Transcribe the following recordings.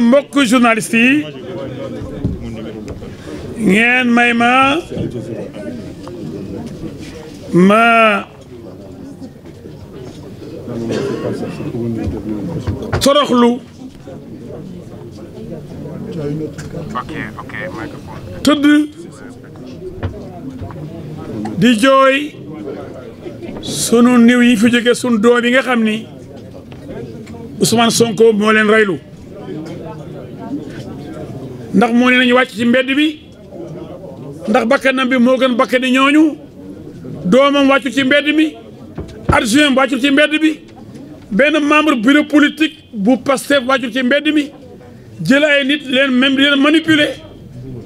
mbokk journaliste yi ngeen may ma ma toroxlu tëdd di jooy sunu niw yi fi jóge sunu doom yi nga xam ni Ousmane Sonko moo leen reylu ndax mo ne wacc ci mbedd bi ndax bakkanam bi mo gën bakkani ñooñu domam waccu ci mbedd mi waccu ci mbedd bi membre bureau politique bu passé waccu ci mbedd mi jël ay nit leen même leen manipuler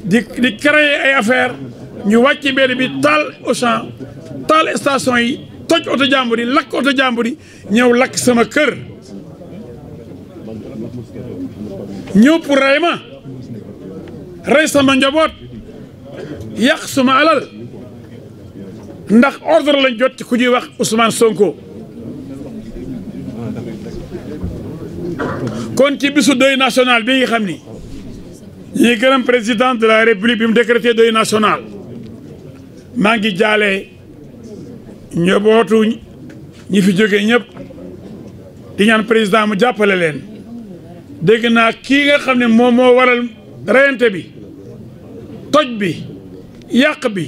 di di créer ay affaire ñu wacc ci mbedd bi Auchan tal station yi toj auto jàmbur yi lakk oto ñew lak sama kër ñëpp rey ma rey sama njaboot yàq suma alal ndax ordre lañ jot ci ku ñuy wax Ousmane Sonko kon ci bisu deuil national bi nga xam ni ñuy gërëm président de la république bi mu décrété deuil national maa ngi jaale njabootu ñi fi jógee ñëpp di ñaan président mu jàppale leen dégg naa kii nga xam ne moom moo waral reyante bi toj bi yàq bi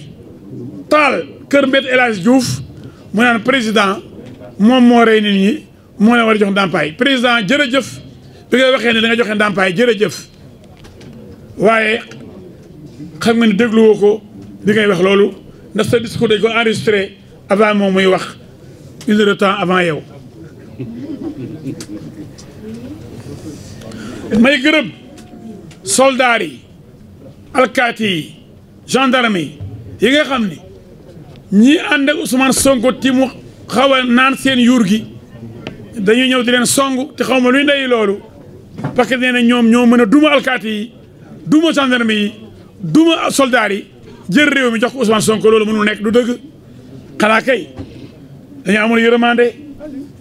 taal kër Maître El Hadji Diouf mu naan président moom moo rey nit ñi moo leen war jox ndàmpaay président jërëjëf bi nga waxee ne da nga joxe ndàmpaay jërëjëf waaye xam nga ne dégluwoo ko bi ngay wax loolu ndax sa discours dañ ko enregistré avant moom muy wax une heure temps avant yow may gërëm soldaar yi alkaati yi gendarme yi yi nga xam ni ñi ànd ak Ousmane Sonko ti mu xaw naan seen yuur gi dañuy ñëw di leen song te xaw ma luy ndey loolu parce que nee na ñoom ñoo mën a duma alkaati yi duma gendarme yi duma soldaar yi jël réew mi jox ko Ousmane Sonko loolu mënul nekk du dëgg xanaa kay dañu amul yërmande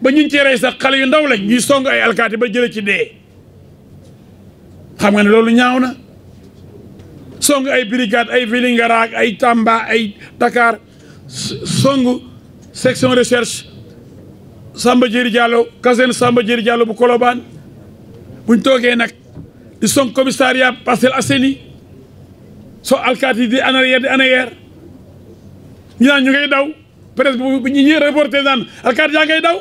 ba ñu ci ray sax xale yu ndaw lañ ñuy song ay alkaati ba jële ci dé xam nga ne lolu ñaaw na song ay brigade ay ak ay Tamba ay Dakar song section recherche Samba jiri Diallo kazen Samba jiri Diallo bu koloban buñ toogee nak di song commissariat Parcelles Assainies so di en di anayer ñu ñu ngay daw presse bu ñi reporté naan alkaati ngay daw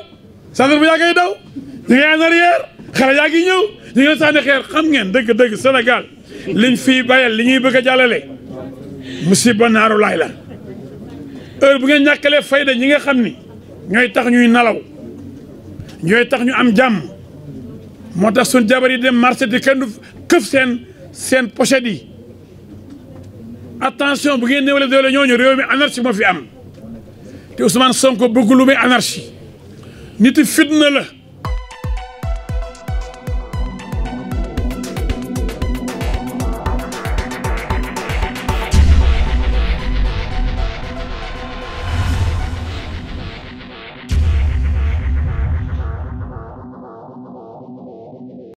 gendarme bu yagay daw ñu ngi en arrière xale yaa ngi ñëw ñu ngi sànni xeer xam ngeen deug deug Sénégal liñ fi bayal li ñuy bëgg jàllale musiba naru layla heure bu ngeen ñakalé fayda ñi nga xam ni ñooy tax ñuy nalaw ñoy tax ñu am jam motax suñ jabar yi dem marché di kenn keuf sen sen pochette yi attention bu ngeen néewale ñoo ñu rew mi anarchie mo fi am te Ousmane Sonko bëgg lu mi anarchie niti fitna la